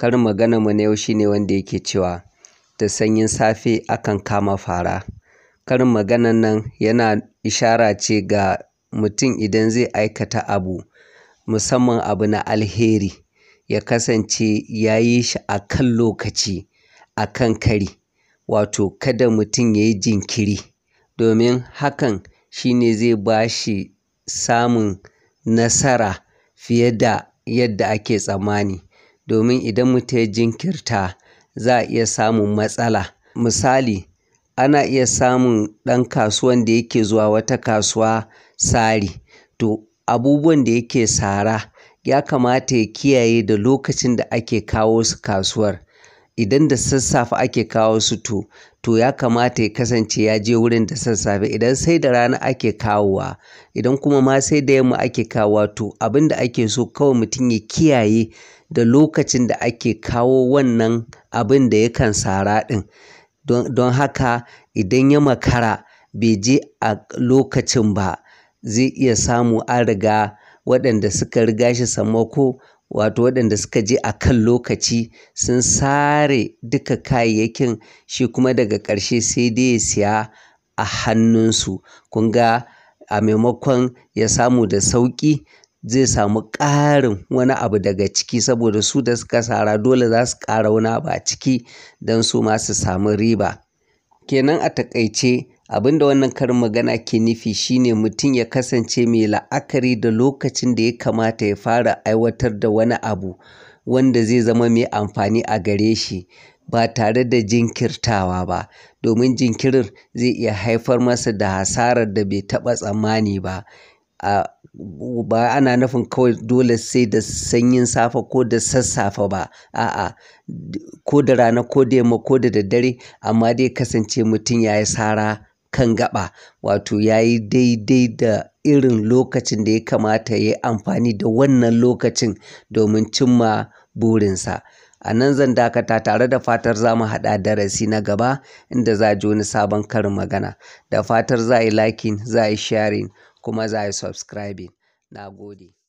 Karin magana mu na yau shine wanda yake cewa da sanyin safe akan kama fara. Karin maganan nan yana ishara ce ga mutum idan zai aikata abu musamman abu na alheri ya kasance ya yi shi a kan lokaci a kan kari wato kada mutum ya yi jinkiri domin hakan shi ne zai ba shi samun nasara fiye da yadda ake tsammani. domin idan mutum ya jinkirta za a iya samun matsala. Misali, ana iya samun ɗan kasuwan da yake zuwa wata kasuwa sari. To, abubuwan da yake sara ya kamata ya kiyaye da lokacin da ake kawo su kasuwar. idan da sassafe ake kawo su to to ya kamata ya kasance ya je wurin da sassafe idan sai da rana ake kawowa idan kuma ma sai da yamma ake kawowa to abin da ake so kawai mutum ya kiyaye da lokacin da ake kawo wannan abin da yakan sara ɗin don haka idan ya makara bai je a lokacin ba zai iya samu an riga waɗanda suka riga shi sammako wato waɗanda suka je a kan lokaci sun sare duka kayayyakin shi kuma daga ƙarshe sai dai ya siya a hannunsu kun ga a maimakon ya samu da sauƙi zai samu ƙarin wani abu daga ciki saboda su da suka sara dole za su ƙara wani abu a ciki don su ma su samu riba kenan a taƙaice Abin da wannan karin magana ke nufi shine mutum ya kasance mai la'akari da lokacin da ya kamata ya fara aiwatar da wani abu wanda zai zama mai amfani a gare shi ba tare da jinkirtawa ba, domin jinkirin zai iya haifar masa da hasarar da bai taɓa tsammani ba. A ba ana nufin kawai dole sai da sanyin safe ko da sassafe ba, a'a ko da rana ko da yamma ko da daddare amma dai ya kasance mutum ya yi sara kan gaɓa wato ya yi daidai da irin lokacin da ya kamata ya yi amfani da wannan lokacin domin cimma burinsa. A nan zan dakata tare da fatar za mu haɗa darasi na gaba inda za ji wani sabon karin magana. Da fatar za a yi liking, za a yi sharing kuma za a yi subscribing. Na gode.